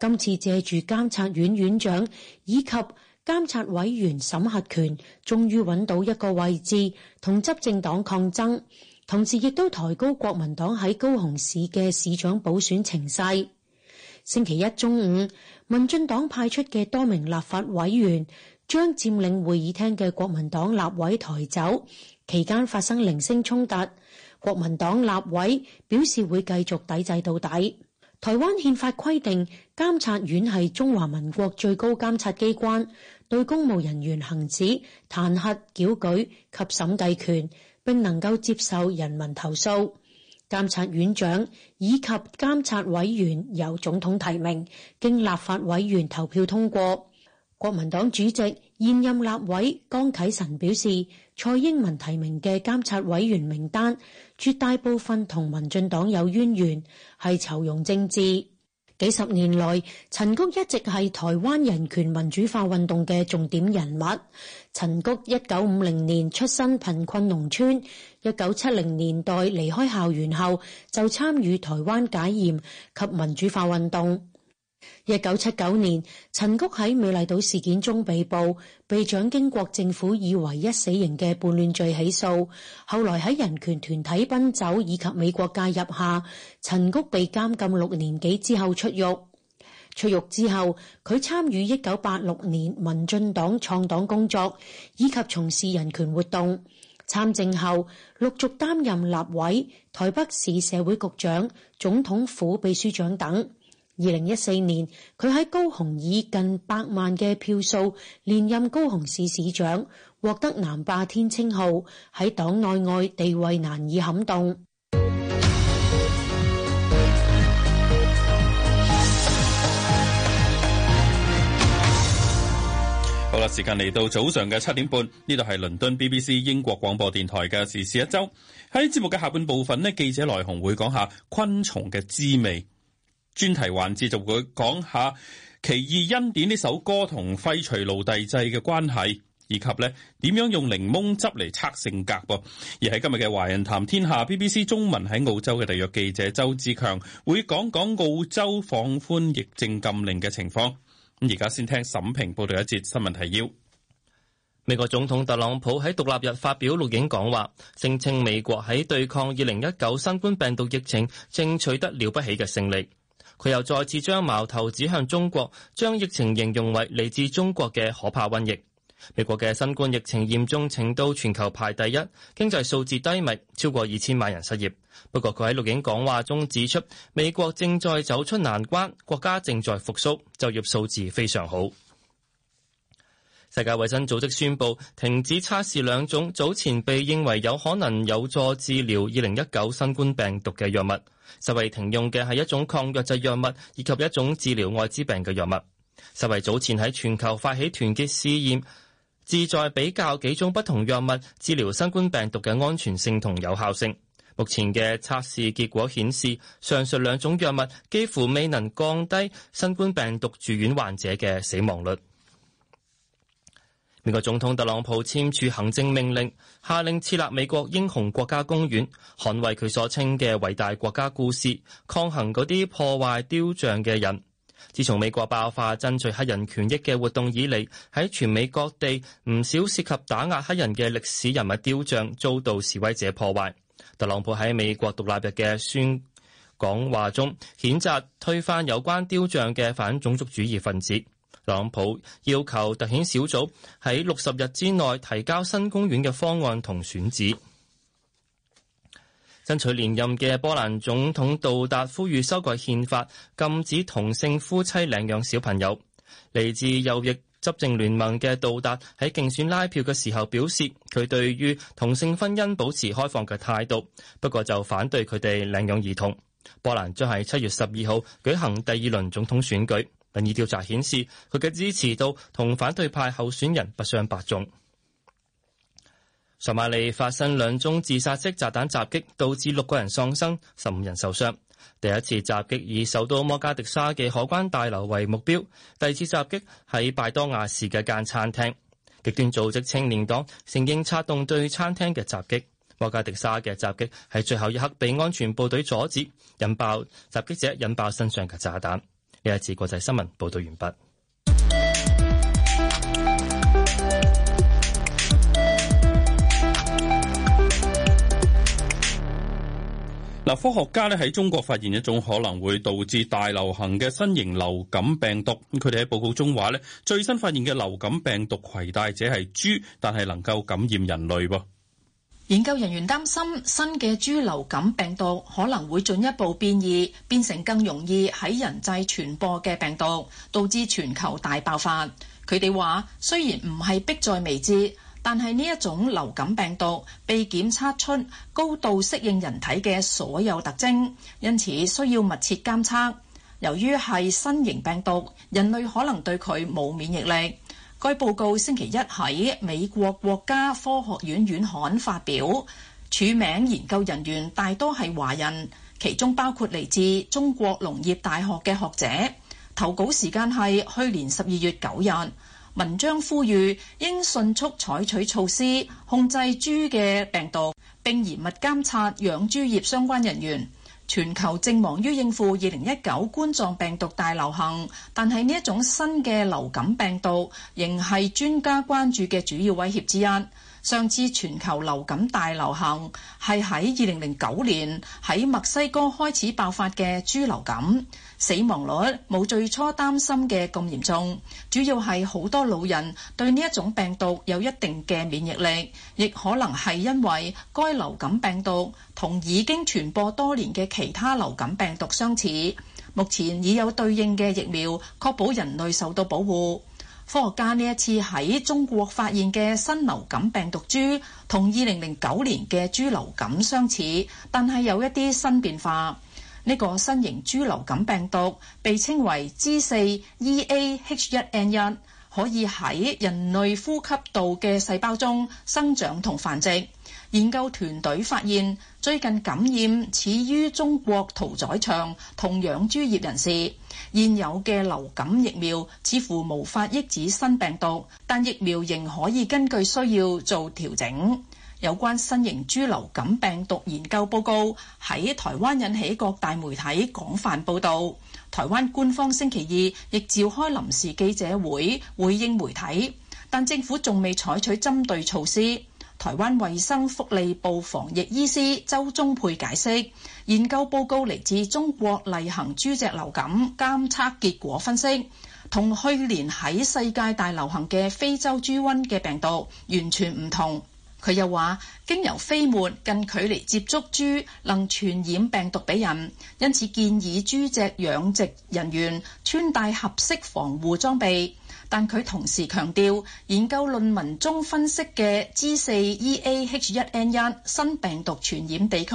今次借住監察院院長以及監察委員審核權，終於揾到一個位置同執政黨抗爭，同時亦都抬高國民黨喺高雄市嘅市長補選情勢。星期一中午，民進黨派出嘅多名立法委員將佔領會議廳嘅國民黨立委抬走，期間發生零星衝突。國民黨立委表示會繼續抵制到底。台灣憲法規定，監察院係中華民國最高監察機關，對公務人員行使彈劾、糾舉及審計權，並能夠接受人民投訴。監察院長以及監察委員由總統提名，經立法委員投票通過。國民黨主席、現任立委江啟臣表示。蔡英文提名嘅監察委員名單，絕大部分同民進黨有淵源，係酬庸政治。幾十年來，陳菊一直係台灣人權民主化運動嘅重點人物。陳菊一九五零年出身貧困農村，一九七零年代離開校園後，就參與台灣解嚴及民主化運動。一九七九年，陳菊喺美麗島事件中被捕，被蔣經國政府以唯一死刑嘅叛亂罪起訴。後來喺人權團體奔走以及美國介入下，陳菊被監禁六年幾之後出獄。出獄之後，佢參與一九八六年民進黨創黨工作，以及從事人權活動。參政後，陸續擔任立委、台北市社會局長、總統府秘書長等。二零一四年，佢喺高雄以近百萬嘅票數連任高雄市市長，獲得南霸天稱號，喺黨內外地位難以撼動。好啦，時間嚟到早上嘅七點半，呢度係倫敦 BBC 英國廣播電台嘅時事一周。喺節目嘅下半部分呢，記者來鴻會講下昆蟲嘅滋味。專題環節就會講下《奇異恩典》呢首歌同廢除奴隸制嘅關係，以及咧點樣用檸檬汁嚟測性格噃。而喺今日嘅《華人談天下》，BBC 中文喺澳洲嘅特約記者周志強會講講澳洲放寬疫症禁令嘅情況。咁而家先聽沈平報道一節新聞提要。美國總統特朗普喺獨立日發表錄影講話，聲稱美國喺對抗二零一九新冠病毒疫情，正取得了不起嘅勝利。佢又再次將矛頭指向中國，將疫情形容為嚟自中國嘅可怕瘟疫。美國嘅新冠疫情嚴重程度全球排第一，經濟數字低迷，超過二千萬人失業。不過佢喺錄影講話中指出，美國正在走出難關，國家正在復甦，就業數字非常好。世界衛生組織宣布停止測試兩種早前被認為有可能有助治療二零一九新冠病毒嘅藥物。世衛停用嘅係一種抗瘧疾藥物以及一種治療艾滋病嘅藥物。世衛早前喺全球發起團結試驗，旨在比較幾種不同藥物治療新冠病毒嘅安全性同有效性。目前嘅測試結果顯示，上述兩種藥物幾乎未能降低新冠病毒住院患者嘅死亡率。美國總統特朗普簽署行政命令，下令設立美國英雄國家公園，捍衛佢所稱嘅偉大國家故事，抗衡，嗰啲破壞雕像嘅人。自從美國爆發爭取黑人權益嘅活動以嚟，喺全美各地唔少涉及打壓黑人嘅歷史人物雕像遭到示威者破壞。特朗普喺美國獨立日嘅宣講話中譴責推翻有關雕像嘅反種族主義分子。特朗普要求特遣小組喺六十日之內提交新公園嘅方案同選址。爭取連任嘅波蘭總統杜達呼籲修改憲法，禁止同性夫妻領養小朋友。嚟自右翼執政聯盟嘅杜達喺競選拉票嘅時候表示，佢對於同性婚姻保持開放嘅態度，不過就反對佢哋領養兒童。波蘭將喺七月十二號舉行第二輪總統選舉。民意調查顯示，佢嘅支持度同反對派候選人不相伯仲。索馬利發生兩宗自殺式炸彈襲擊，導致六個人喪生，十五人受傷。第一次襲擊以首都摩加迪沙嘅海關大樓為目標，第二次襲擊喺拜多亞市嘅間餐廳。極端組織青年黨承認策動對餐廳嘅襲擊。摩加迪沙嘅襲擊喺最後一刻被安全部隊阻止，引爆襲擊者引爆身上嘅炸彈。第一次國際新聞報道完畢。嗱，科學家咧喺中國發現一種可能會導致大流行嘅新型流感病毒。佢哋喺報告中話咧，最新發現嘅流感病毒携帶者係豬，但係能夠感染人類噃。研究人員擔心新嘅豬流感病毒可能會進一步變異，變成更容易喺人際傳播嘅病毒，導致全球大爆發。佢哋話：雖然唔係迫在眉睫，但係呢一種流感病毒被檢測出高度適應人體嘅所有特徵，因此需要密切監測。由於係新型病毒，人類可能對佢冇免疫力。該報告星期一喺美國國家科學院院刊發表，署名研究人員大多係華人，其中包括嚟自中國農業大學嘅學者。投稿時間係去年十二月九日，文章呼籲應迅速採取措施控制豬嘅病毒，並嚴密監察養豬業相關人員。全球正忙於應付二零一九冠狀病毒大流行，但係呢一種新嘅流感病毒仍係專家關注嘅主要威脅之一。上次全球流感大流行係喺二零零九年喺墨西哥開始爆發嘅豬流感。死亡率冇最初擔心嘅咁嚴重，主要係好多老人對呢一種病毒有一定嘅免疫力，亦可能係因為該流感病毒同已經傳播多年嘅其他流感病毒相似。目前已有對應嘅疫苗確保人類受到保護。科學家呢一次喺中國發現嘅新流感病毒株同二零零九年嘅豬流感相似，但係有一啲新變化。呢個新型豬流感病毒，被稱為 G4EAH1N1，可以喺人類呼吸道嘅細胞中生長同繁殖。研究團隊發現，最近感染始於中國屠宰場同養豬業人士。現有嘅流感疫苗似乎無法抑制新病毒，但疫苗仍可以根據需要做調整。有關新型豬流感病毒研究報告喺台灣引起各大媒體廣泛報導。台灣官方星期二亦召開臨時記者會，回應媒體，但政府仲未採取針對措施。台灣衛生福利部防疫醫師周宗沛解釋，研究報告嚟自中國例行豬隻流感監測結果分析，同去年喺世界大流行嘅非洲豬瘟嘅病毒完全唔同。佢又話經由飛沫近距離接觸豬能傳染病毒俾人，因此建議豬隻養殖人員穿戴合適防護裝備。但佢同時強調研究論文中分析嘅 G 四 E A H 一 N 一新病毒傳染地區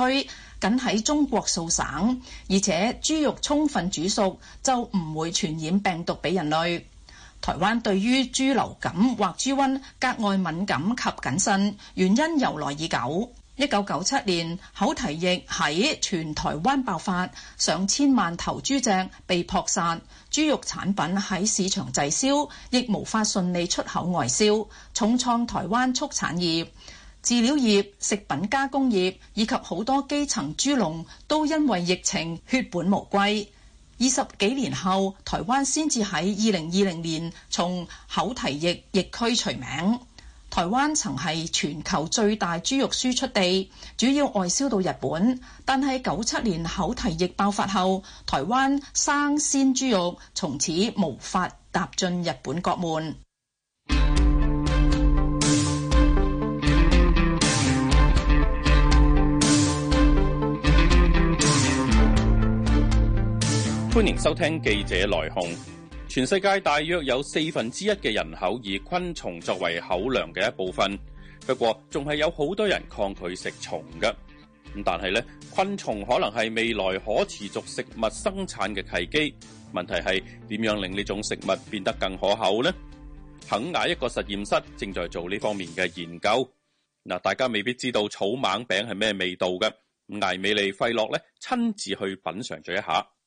僅喺中國數省，而且豬肉充分煮熟就唔會傳染病毒俾人類。台灣對於豬流感或豬瘟格外敏感及謹慎，原因由來已久。一九九七年口蹄疫喺全台灣爆發，上千萬頭豬隻被撲殺，豬肉產品喺市場滯銷，亦無法順利出口外銷，重創台灣畜產業、飼料業、食品加工業以及好多基層豬農都因為疫情血本無歸。二十幾年後，台灣先至喺二零二零年從口蹄疫疫區除名。台灣曾係全球最大豬肉輸出地，主要外銷到日本，但係九七年口蹄疫爆發後，台灣生鮮豬肉從此無法踏進日本國門。歡迎收聽記者來鴻。全世界大約有四分之一嘅人口以昆蟲作為口糧嘅一部分。不過，仲係有好多人抗拒食蟲噶。但係咧，昆蟲可能係未來可持續食物生產嘅契機。問題係點樣令呢種食物變得更可口呢？肯雅一個實驗室正在做呢方面嘅研究。嗱，大家未必知道草蜢餅係咩味道嘅。艾美利費洛咧親自去品嘗咗一下。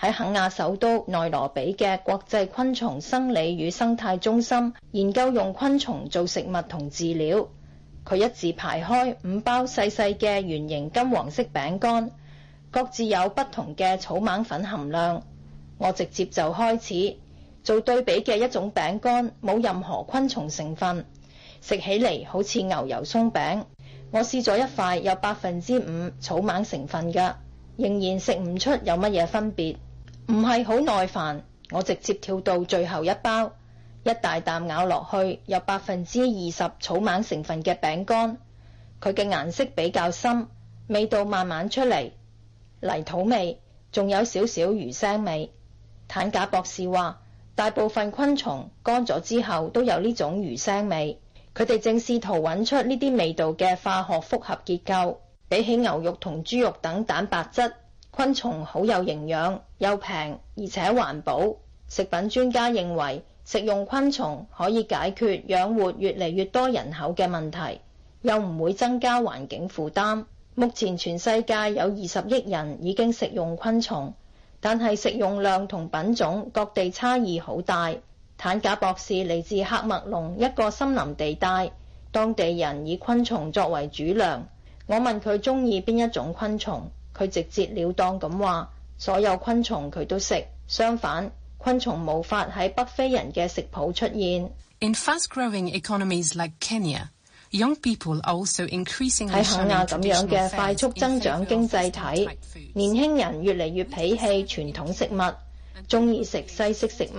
喺肯亞首都內羅比嘅國際昆蟲生理與生態中心，研究用昆蟲做食物同飼料。佢一字排開五包細細嘅圓形金黃色餅乾，各自有不同嘅草蜢粉含量。我直接就開始做對比嘅一種餅乾，冇任何昆蟲成分，食起嚟好似牛油鬆餅。我試咗一塊有百分之五草蜢成分嘅，仍然食唔出有乜嘢分別。唔係好耐煩，我直接跳到最後一包，一大啖咬落去，有百分之二十草蜢成分嘅餅乾，佢嘅顏色比較深，味道慢慢出嚟，泥土味，仲有少少魚腥味。坦架博士話，大部分昆蟲乾咗之後都有呢種魚腥味，佢哋正試圖揾出呢啲味道嘅化學複合結構，比起牛肉同豬肉等蛋白質。昆蟲好有營養，又平，而且環保。食品專家認為，食用昆蟲可以解決養活越嚟越多人口嘅問題，又唔會增加環境負擔。目前全世界有二十億人已經食用昆蟲，但係食用量同品種各地差異好大。坦架博士嚟自喀麥隆一個森林地帶，當地人以昆蟲作為主糧。我問佢中意邊一種昆蟲。佢直接了當咁話：所有昆蟲佢都食。相反，昆蟲無法喺北非人嘅食譜出現。喺肯亞咁樣嘅快速增長經濟體，年輕人越嚟越鄙棄傳統食物，中意食西式食物。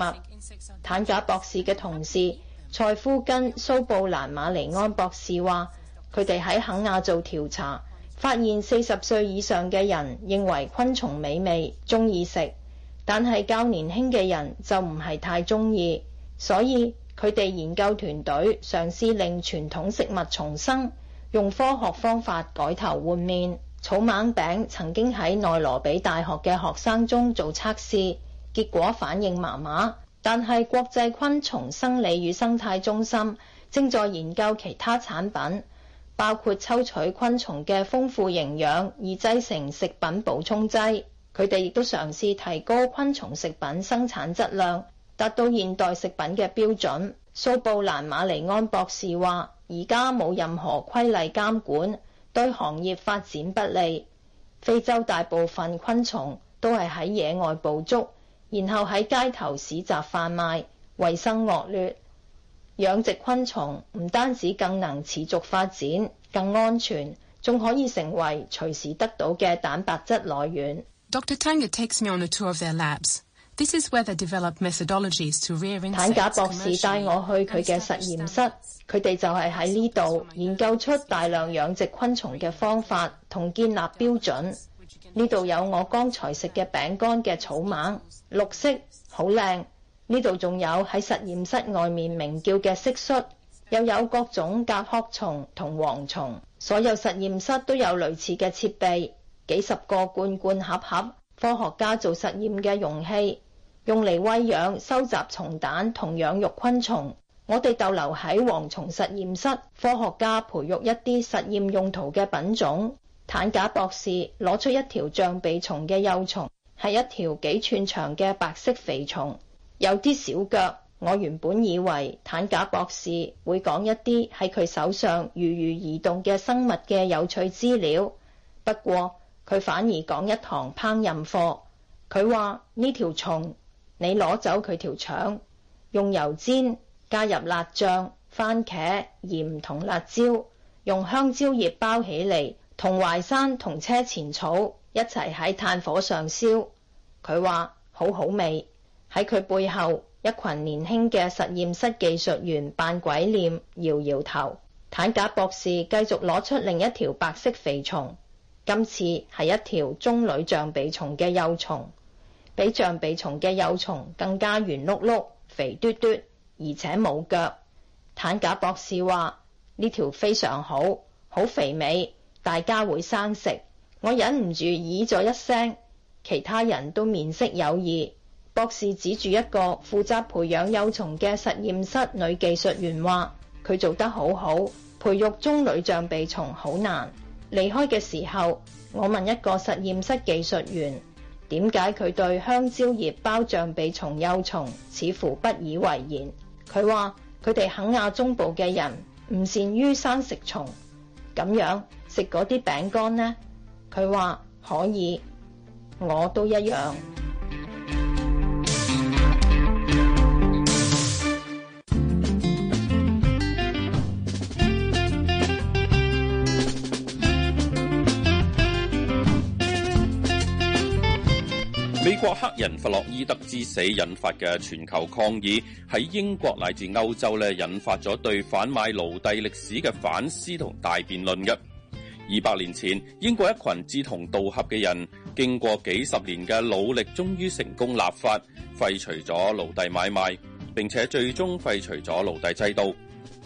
坦格博士嘅同事塞夫根蘇布蘭馬尼安博士話：佢哋喺肯亞做調查。發現四十歲以上嘅人認為昆蟲美味，中意食，但係較年輕嘅人就唔係太中意。所以佢哋研究團隊嘗試令傳統食物重生，用科學方法改頭換面。草蜢餅曾經喺內羅比大學嘅學生中做測試，結果反應麻麻。但係國際昆蟲生理與生態中心正在研究其他產品。包括抽取昆蟲嘅豐富營養，以製成食品補充劑，佢哋亦都嘗試提高昆蟲食品生產質量，達到現代食品嘅標準。蘇布蘭馬尼安博士話：而家冇任何規例監管，對行業發展不利。非洲大部分昆蟲都係喺野外捕捉，然後喺街頭市集販賣，衛生惡劣。養殖昆蟲唔單止更能持續發展，更安全，仲可以成為隨時得到嘅蛋白質來源。Dr. Tang takes me on a tour of their labs. This is where they developed methodologies to rear insects. 坦賈博士帶我去佢嘅實驗室，佢哋就係喺呢度研究出大量養殖昆蟲嘅方法同建立標準。呢度有我剛才食嘅餅乾嘅草蜢，綠色，好靚。呢度仲有喺實驗室外面鳴叫嘅蟋蟀，又有各種甲殼蟲同蝗蟲。所有實驗室都有類似嘅設備，幾十個罐罐盒盒,盒，科學家做實驗嘅容器，用嚟喂養、收集蟲蛋同養育昆蟲。我哋逗留喺蝗蟲實驗室，科學家培育一啲實驗用途嘅品種。坦賈博士攞出一條象鼻蟲嘅幼蟲，係一條幾寸長嘅白色肥蟲。有啲小腳，我原本以為坦格博士會講一啲喺佢手上如魚移動嘅生物嘅有趣資料，不過佢反而講一堂烹飪課。佢話呢條蟲，你攞走佢條腸，用油煎，加入辣醬、蕃茄、鹽同辣椒，用香蕉葉包起嚟，同淮山同車前草一齊喺炭火上燒。佢話好好味。喺佢背後，一群年輕嘅實驗室技術員扮鬼臉，搖搖頭。坦賈博士繼續攞出另一條白色肥蟲，今次係一條棕櫚象鼻蟲嘅幼蟲，比象鼻蟲嘅幼蟲更加圓碌碌、肥嘟嘟，而且冇腳。坦賈博士話呢條非常好，好肥美，大家會生食。我忍唔住咦咗一聲，其他人都面色有異。博士指住一個負責培養幼蟲嘅實驗室女技術員話佢做得好好，培育棕櫚象鼻蟲好難。離開嘅時候，我問一個實驗室技術員點解佢對香蕉葉包象鼻蟲幼蟲似乎不以為然。佢話佢哋肯亞中部嘅人唔善於生食蟲，咁樣食嗰啲餅乾呢？佢話可以，我都一樣。國黑人弗洛伊德之死引發嘅全球抗議，喺英國乃至歐洲咧引發咗對販賣奴隸歷史嘅反思同大辯論嘅。二百年前，英國一群志同道合嘅人，經過幾十年嘅努力，終於成功立法廢除咗奴隸買賣，並且最終廢除咗奴隸制度。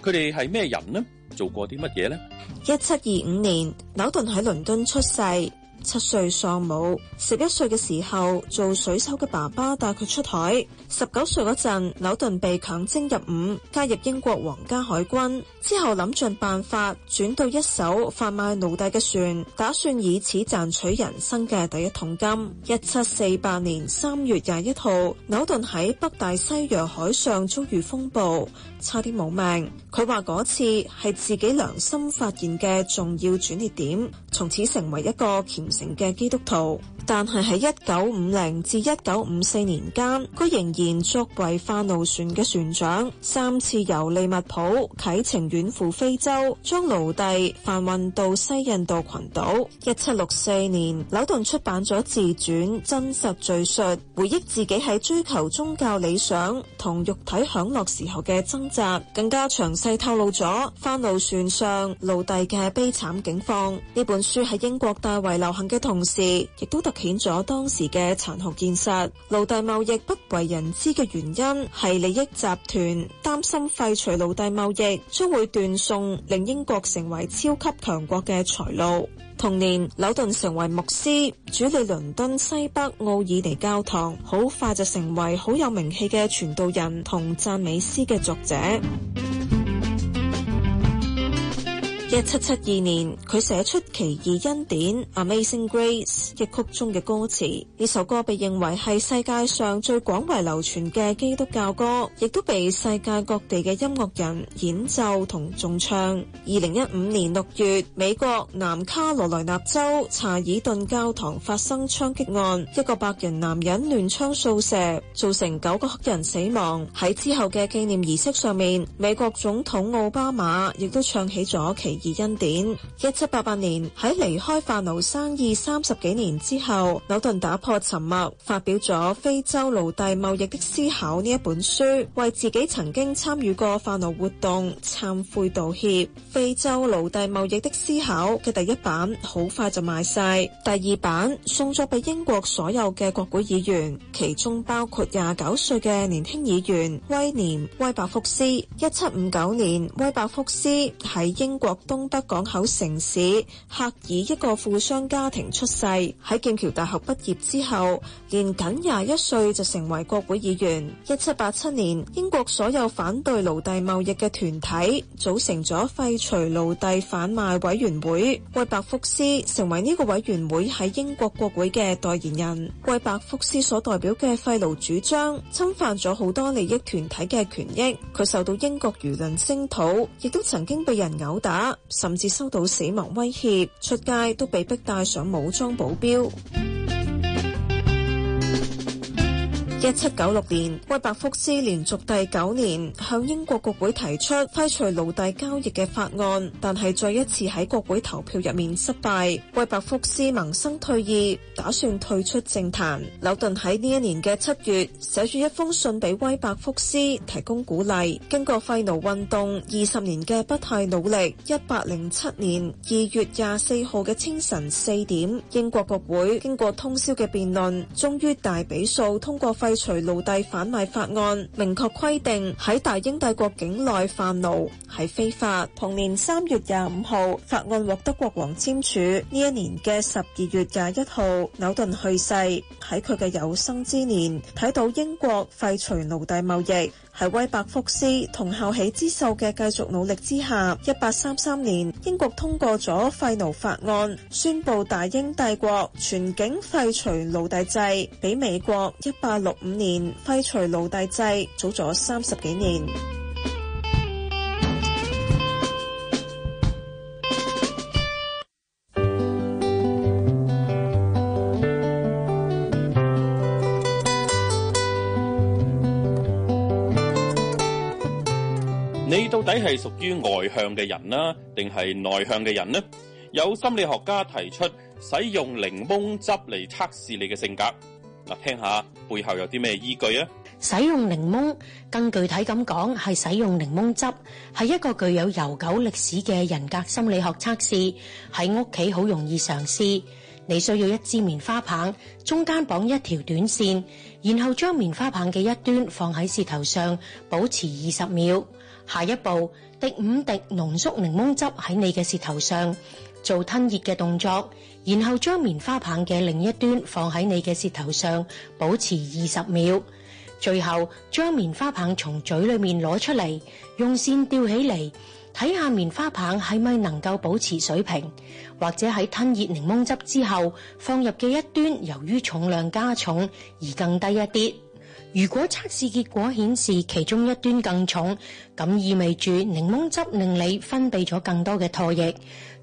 佢哋係咩人呢？做過啲乜嘢呢？一七二五年，紐頓喺倫敦出世。七歲喪母，十一歲嘅時候做水手嘅爸爸帶佢出海。十九歲嗰陣，牛頓被強徵入伍，加入英國皇家海軍。之後諗盡辦法轉到一艘販賣奴隸嘅船，打算以此賺取人生嘅第一桶金。一七四八年三月廿一號，牛頓喺北大西洋海上遭遇風暴，差啲冇命。佢話嗰次係自己良心發現嘅重要轉捩點，從此成為一個潛。成嘅基督徒。但係喺一九五零至一九五四年間，佢仍然作為販奴船嘅船長，三次由利物浦啟程遠赴非洲，將奴隸販運到西印度群島。一七六四年，紐頓出版咗自傳《真實敘述》，回憶自己喺追求宗教理想同肉體享樂時候嘅掙扎，更加詳細透露咗販奴船上奴隸嘅悲慘境況。呢本書喺英國大為流行嘅同時，亦都特顯咗當時嘅殘酷現實，奴隸貿易不為人知嘅原因係利益集團擔心廢除奴隸貿易將會斷送令英國成為超級強國嘅財路。同年，紐頓成為牧師，主理倫敦西北奧爾尼教堂，好快就成為好有名氣嘅傳道人同讚美詩嘅作者。一七七二年，佢寫出《奇異恩典》（Amazing Grace） 一曲中嘅歌詞。呢首歌被認為係世界上最廣為流傳嘅基督教歌，亦都被世界各地嘅音樂人演奏同重唱。二零一五年六月，美國南卡羅來納州查爾頓教堂發生槍擊案，一個白人男人亂槍掃射，造成九個人死亡。喺之後嘅紀念儀式上面，美國總統奧巴馬亦都唱起咗其。而恩典》，一七八八年喺離開販奴生意三十幾年之後，紐頓打破沉默，發表咗《非洲奴隸貿易的思考》呢一本書，為自己曾經參與過販奴活動懺悔道歉。《非洲奴隸貿易的思考》嘅第一版好快就賣晒，第二版送咗俾英國所有嘅國會議員，其中包括廿九歲嘅年輕議員威廉威伯福斯。一七五九年，威伯福斯喺英國。東北港口城市赫爾一個富商家庭出世，喺劍橋大學畢業之後，年僅廿一歲就成為國會議員。一七八七年，英國所有反對奴隸貿易嘅團體組成咗廢除奴隸販賣委員會，惠伯福斯成為呢個委員會喺英國國會嘅代言人。惠伯福斯所代表嘅廢奴主張侵犯咗好多利益團體嘅權益，佢受到英國輿論聲討，亦都曾經被人毆打。甚至收到死亡威脅，出街都被迫帶上武裝保鏢。一七九六年，威伯福斯連續第九年向英國國會提出廢除奴隸交易嘅法案，但係再一次喺國會投票入面失敗。威伯福斯萌生退意，打算退出政壇。紐頓喺呢一年嘅七月寫住一封信俾威伯福斯，提供鼓勵。經過廢奴運動二十年嘅不懈努力，一八零七年二月廿四號嘅清晨四點，英國國會經過通宵嘅辯論，終於大比數通過廢。廢除奴隸販賣法案，明確規定喺大英帝國境內販奴係非法。同年三月廿五號，法案獲得國王簽署。呢一年嘅十二月廿一號，紐頓去世。喺佢嘅有生之年，睇到英國廢除奴隸貿易，喺威伯福斯同後起之秀嘅繼續努力之下，一八三三年英國通過咗廢奴法案，宣佈大英帝國全境廢除奴隸制。俾美國一八六五年廢除奴隸制，早咗三十幾年。你到底係屬於外向嘅人呢、啊？定係內向嘅人呢、啊？有心理學家提出，使用檸檬汁嚟測試你嘅性格。嗱，聽下背後有啲咩依據啊？使用檸檬，更具體咁講係使用檸檬汁，係一個具有悠久歷史嘅人格心理學測試，喺屋企好容易嘗試。你需要一支棉花棒，中間綁一條短綫，然後將棉花棒嘅一端放喺舌頭上，保持二十秒。下一步，滴五滴濃縮檸檬汁喺你嘅舌頭上，做吞熱嘅動作。然後將棉花棒嘅另一端放喺你嘅舌頭上，保持二十秒。最後將棉花棒從嘴裏面攞出嚟，用線吊起嚟，睇下棉花棒係咪能夠保持水平，或者喺吞熱檸檬汁之後，放入嘅一端由於重量加重而更低一啲。如果測試結果顯示其中一端更重，咁意味住檸檬汁令你分泌咗更多嘅唾液。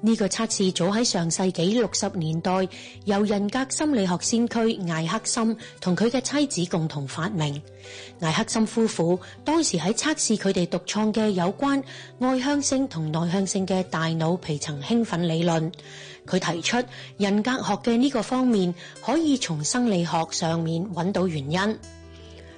呢個測試早喺上世紀六十年代，由人格心理學先驅艾克森同佢嘅妻子共同發明。艾克森夫婦當時喺測試佢哋獨創嘅有關外向性同內向性嘅大腦皮層興奮理論。佢提出，人格學嘅呢個方面，可以從生理學上面揾到原因。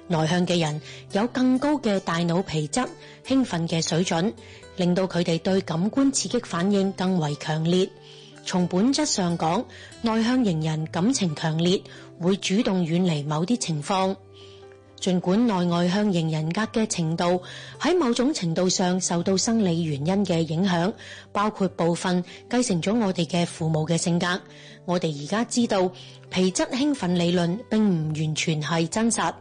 內向嘅人有更高嘅大腦皮質興奮嘅水準。令到佢哋對感官刺激反應更為強烈。從本質上講，內向型人感情強烈，會主動遠離某啲情況。儘管內外向型人格嘅程度喺某種程度上受到生理原因嘅影響，包括部分繼承咗我哋嘅父母嘅性格。我哋而家知道皮質興奮理論並唔完全係真實。，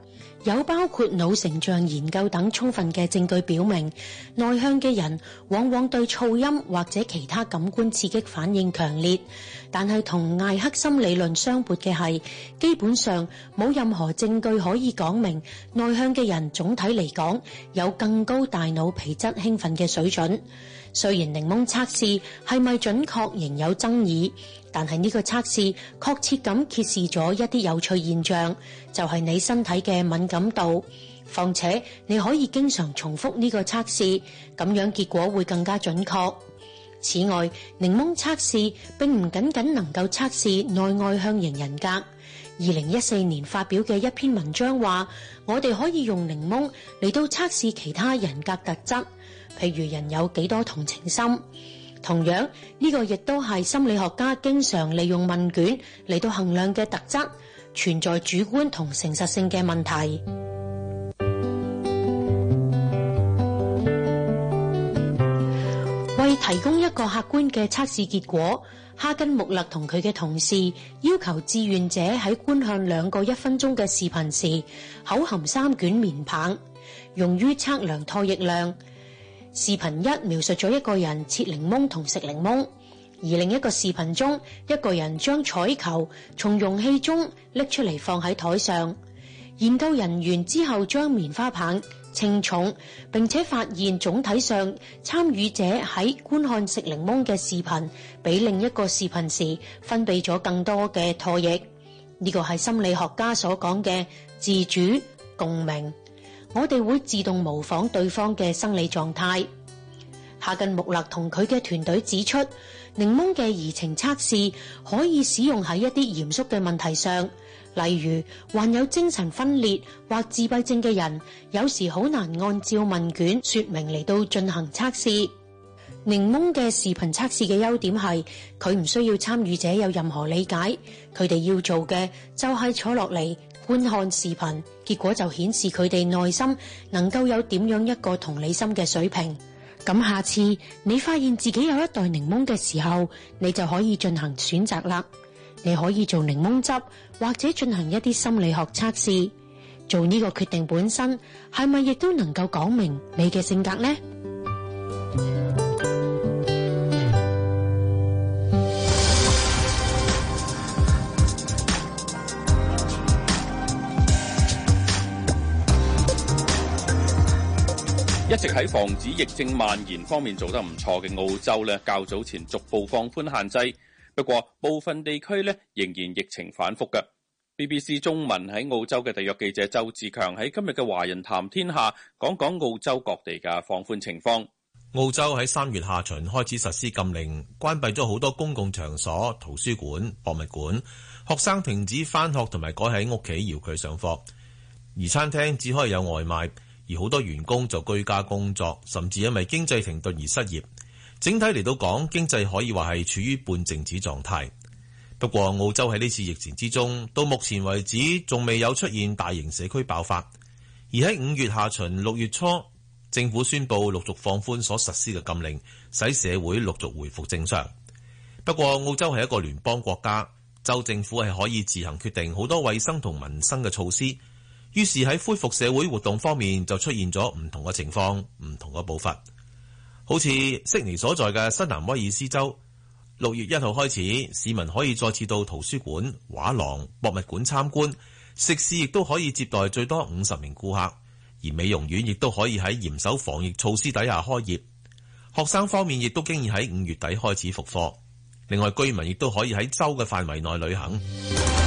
有包括腦成像研究等充分嘅證據表明，內向嘅人往往對噪音或者其他感官刺激反應強烈。但係同艾克森理論相悖嘅係，基本上冇任何證據可以講明內向嘅人總體嚟講有更高大腦皮質興奮嘅水準。雖然檸檬測試係咪準確仍有爭議，但係呢個測試確切咁揭示咗一啲有趣現象，就係你身體嘅敏感度。況且你可以經常重複呢個測試，咁樣結果會更加準確。此外，檸檬測試並唔僅僅能夠測試內外向型人格。二零一四年發表嘅一篇文章話，我哋可以用檸檬嚟到測試其他人格特質。譬如人有幾多同情心，同樣呢個亦都係心理學家經常利用問卷嚟到衡量嘅特質，存在主觀同誠實性嘅問題。為提供一個客觀嘅測試結果，哈根穆勒同佢嘅同事要求志願者喺觀看兩個一分鐘嘅視頻時，口含三卷棉棒，用於測量唾液量。視頻一描述咗一個人切檸檬同食檸檬，而另一個視頻中，一個人將彩球從容器中拎出嚟放喺台上。研究人員之後將棉花棒稱重，並且發現總體上，參與者喺觀看食檸檬嘅視頻比另一個視頻時分泌咗更多嘅唾液。呢個係心理學家所講嘅自主共鳴。我哋會自動模仿對方嘅生理狀態。夏根木勒同佢嘅團隊指出，檸檬嘅移情測試可以使用喺一啲嚴肅嘅問題上，例如患有精神分裂或自閉症嘅人，有時好難按照問卷說明嚟到進行測試。檸檬嘅視頻測試嘅優點係，佢唔需要參與者有任何理解，佢哋要做嘅就係坐落嚟。觀看視頻，結果就顯示佢哋內心能夠有點樣一個同理心嘅水平。咁下次你發現自己有一袋檸檬嘅時候，你就可以進行選擇啦。你可以做檸檬汁，或者進行一啲心理學測試。做呢個決定本身，係咪亦都能夠講明你嘅性格呢？一直喺防止疫症蔓延方面做得唔錯嘅澳洲咧，較早前逐步放寬限制，不過部分地區咧仍然疫情反複嘅。BBC 中文喺澳洲嘅地約記者周志強喺今日嘅《華人談天下》講講澳洲各地嘅放寬情況。澳洲喺三月下旬開始實施禁令，關閉咗好多公共場所、圖書館、博物館，學生停止翻學同埋改喺屋企遙距上課，而餐廳只可以有外賣。而好多員工就居家工作，甚至因為經濟停頓而失業。整體嚟到講，經濟可以話係處於半靜止狀態。不過，澳洲喺呢次疫情之中，到目前為止仲未有出現大型社區爆發。而喺五月下旬、六月初，政府宣布陸續放寬所實施嘅禁令，使社會陸續回復正常。不過，澳洲係一個聯邦國家，州政府係可以自行決定好多衞生同民生嘅措施。於是喺恢復社會活動方面就出現咗唔同嘅情況、唔同嘅步伐。好似悉尼所在嘅新南威爾斯州，六月一號開始，市民可以再次到圖書館、畫廊、博物館參觀，食肆亦都可以接待最多五十名顧客，而美容院亦都可以喺嚴守防疫措施底下開業。學生方面亦都經已喺五月底開始復課，另外居民亦都可以喺州嘅範圍內旅行。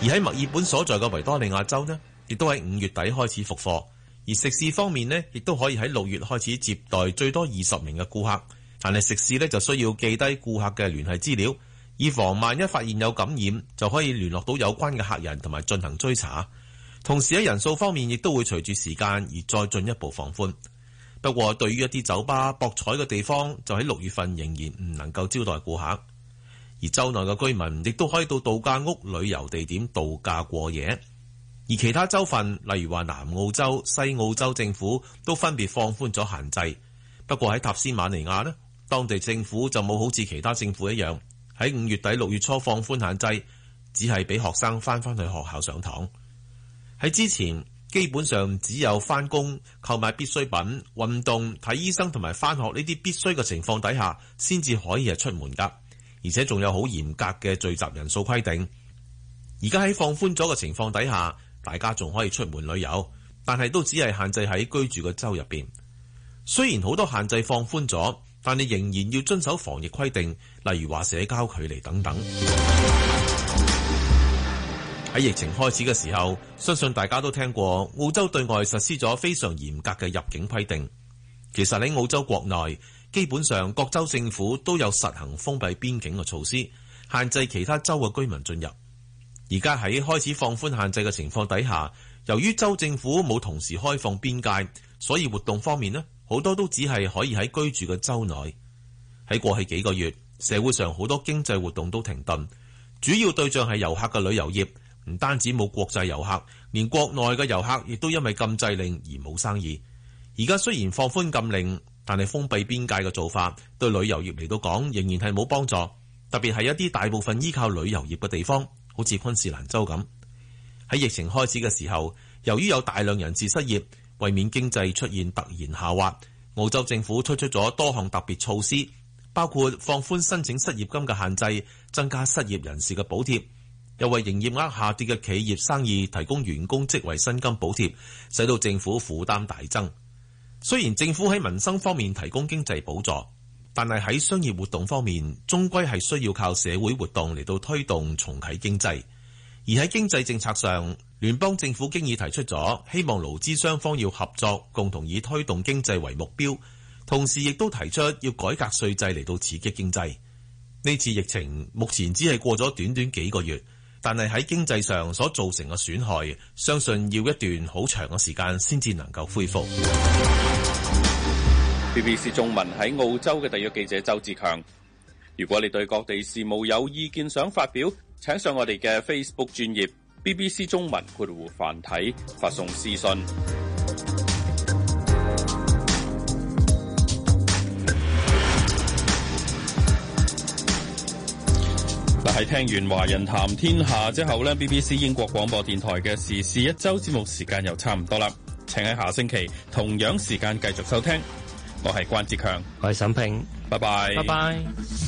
而喺墨爾本所在嘅維多利亞州呢，亦都喺五月底開始復課，而食肆方面呢，亦都可以喺六月開始接待最多二十名嘅顧客。但係食肆呢，就需要記低顧客嘅聯繫資料，以防萬一發現有感染，就可以聯絡到有關嘅客人同埋進行追查。同時喺人數方面，亦都會隨住時間而再進一步放寬。不過，對於一啲酒吧、博彩嘅地方，就喺六月份仍然唔能夠招待顧客。而州內嘅居民亦都可以到度假屋、旅遊地點度假過夜。而其他州份，例如話南澳洲、西澳洲政府都分別放寬咗限制。不過喺塔斯馬尼亞呢，當地政府就冇好似其他政府一樣喺五月底六月初放寬限制，只係俾學生翻返去學校上堂。喺之前基本上只有翻工、購買必需品、運動、睇醫生同埋翻學呢啲必須嘅情況底下，先至可以係出門㗎。而且仲有好嚴格嘅聚集人數規定。而家喺放寬咗嘅情況底下，大家仲可以出門旅遊，但係都只係限制喺居住嘅州入邊。雖然好多限制放寬咗，但你仍然要遵守防疫規定，例如話社交距離等等。喺 疫情開始嘅時候，相信大家都聽過澳洲對外實施咗非常嚴格嘅入境規定。其實喺澳洲國內。基本上各州政府都有實行封閉邊境嘅措施，限制其他州嘅居民進入。而家喺開始放寬限制嘅情況底下，由於州政府冇同時開放邊界，所以活動方面呢，好多都只係可以喺居住嘅州內。喺過去幾個月，社會上好多經濟活動都停頓，主要對象係遊客嘅旅遊業，唔單止冇國際遊客，連國內嘅遊客亦都因為禁制令而冇生意。而家雖然放寬禁令，但係封閉邊界嘅做法，對旅遊業嚟到講仍然係冇幫助，特別係一啲大部分依靠旅遊業嘅地方，好似昆士蘭州咁。喺疫情開始嘅時候，由於有大量人士失業，為免經濟出現突然下滑，澳洲政府推出咗多項特別措施，包括放寬申請失業金嘅限制，增加失業人士嘅補貼，又為營業額下跌嘅企業生意提供員工職位薪金補貼，使到政府負擔大增。雖然政府喺民生方面提供經濟補助，但係喺商業活動方面終歸係需要靠社會活動嚟到推動重啟經濟。而喺經濟政策上，聯邦政府經已提出咗，希望勞資雙方要合作，共同以推動經濟為目標。同時亦都提出要改革稅制嚟到刺激經濟。呢次疫情目前只係過咗短短幾個月。但係喺經濟上所造成嘅損害，相信要一段好長嘅時間先至能夠恢復。BBC 中文喺澳洲嘅第一記者周志強，如果你對各地事務有意見想發表，請上我哋嘅 Facebook 專頁 BBC 中文括弧繁體，發送私信。係聽完華人談天下之後呢 BBC 英國廣播電台嘅時事一周節目時間又差唔多啦，請喺下星期同樣時間繼續收聽。我係關志強，我係沈平，拜拜 bye，拜拜。